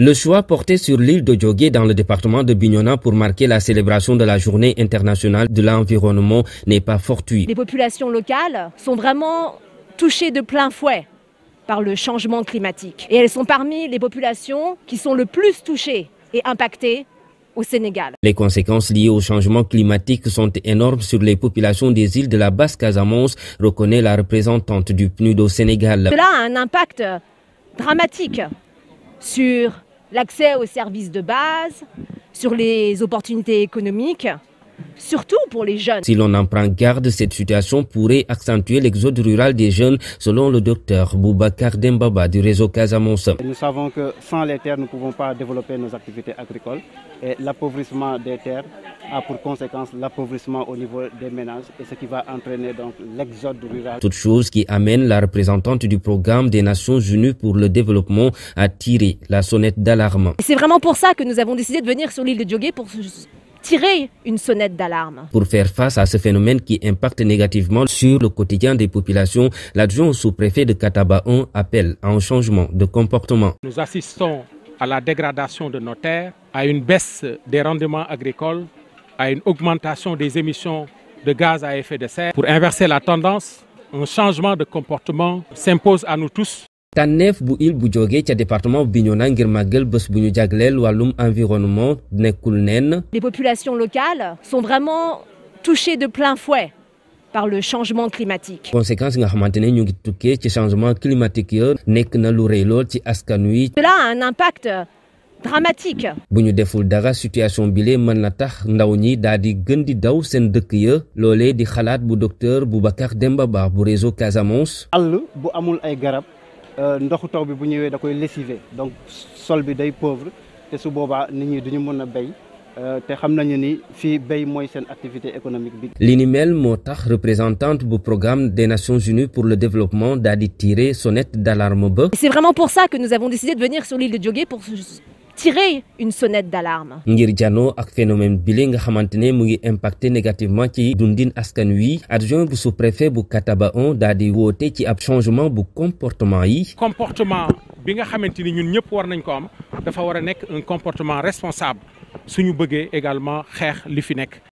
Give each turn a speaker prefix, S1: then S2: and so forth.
S1: Le choix porté sur l'île de Djogé dans le département de Bignona pour marquer la célébration de la journée internationale de l'environnement n'est pas fortuit.
S2: Les populations locales sont vraiment touchées de plein fouet par le changement climatique. Et elles sont parmi les populations qui sont le plus touchées et impactées au Sénégal.
S1: Les conséquences liées au changement climatique sont énormes sur les populations des îles de la Basse-Casamance, reconnaît la représentante du PNUD au Sénégal. Cela
S2: a un impact dramatique sur l'accès aux services de base, sur les opportunités économiques surtout pour les jeunes.
S1: Si l'on en prend garde, cette situation pourrait accentuer l'exode rural des jeunes, selon le docteur Boubacar Dembaba du réseau Casamance.
S3: Nous savons que sans les terres, nous ne pouvons pas développer nos activités agricoles et l'appauvrissement des terres a pour conséquence l'appauvrissement au niveau des ménages et ce qui va entraîner donc l'exode rural. Toute chose qui
S1: amène la représentante du programme des Nations Unies pour le développement à tirer la sonnette d'alarme.
S2: C'est vraiment pour ça que nous avons décidé de venir sur l'île de Djogé pour tirer une sonnette d'alarme. Pour
S1: faire face à ce phénomène qui impacte négativement sur le quotidien des populations, l'adjoint sous-préfet de Katabaon appelle à un changement de comportement.
S2: Nous assistons
S1: à la dégradation de nos terres, à une baisse des rendements agricoles, à une augmentation des émissions de gaz à effet de serre. Pour inverser la tendance, un changement de comportement s'impose à nous tous tànneef bu il bu jógee ca département bu Bignona ngir màggal bés bu ñu jagleel wàllum environnement nekkul neen.
S2: les populations locales sont vraiment touchées de plein fouet. par le changement climatique.
S1: Conséquence nga xamantene ñu ngi tukkee ci changement climatique ya nekk na lu reey lol ci askan wi.
S2: cela a un impact dramatique.
S1: bu ñu deful dara situation bi lee mën na tax ndaw ñi daal di gën di daw seen dëkk ya lolé di xalaat bu docteur Boubacar Demba Ba bu réseau Casamance.
S3: àll bu amul ay garab. Euh, ndoxu taw bi bu ñëwee da koy lessiver donc sol bi day pauvre te su boobaa nit ñi duñu mën a béy euh, te xam nañu ni fii béy mooy seen activité économique bi.
S1: li ni mel moo tax représentante bu programme des Nations Unies pour le développement daal di tirer sonnette d'alarme ba.
S2: c'est vraiment pour ça que nous avons décidé de venir sur l'île de Diogé pour tirer une sonnette d'alarme.
S1: ngir acte ak phénomène li nga xamantene mu ngi impacté négativement ci dundin askan wi adjoint bu sous-préfet bu Kataba 1 daal di ci ab changement bu comportement yi. comportement bi nga xamantene ñun ñëpp war nañ ko am dafa wara nek un comportement responsable suñu bëggé également xex li fi nek.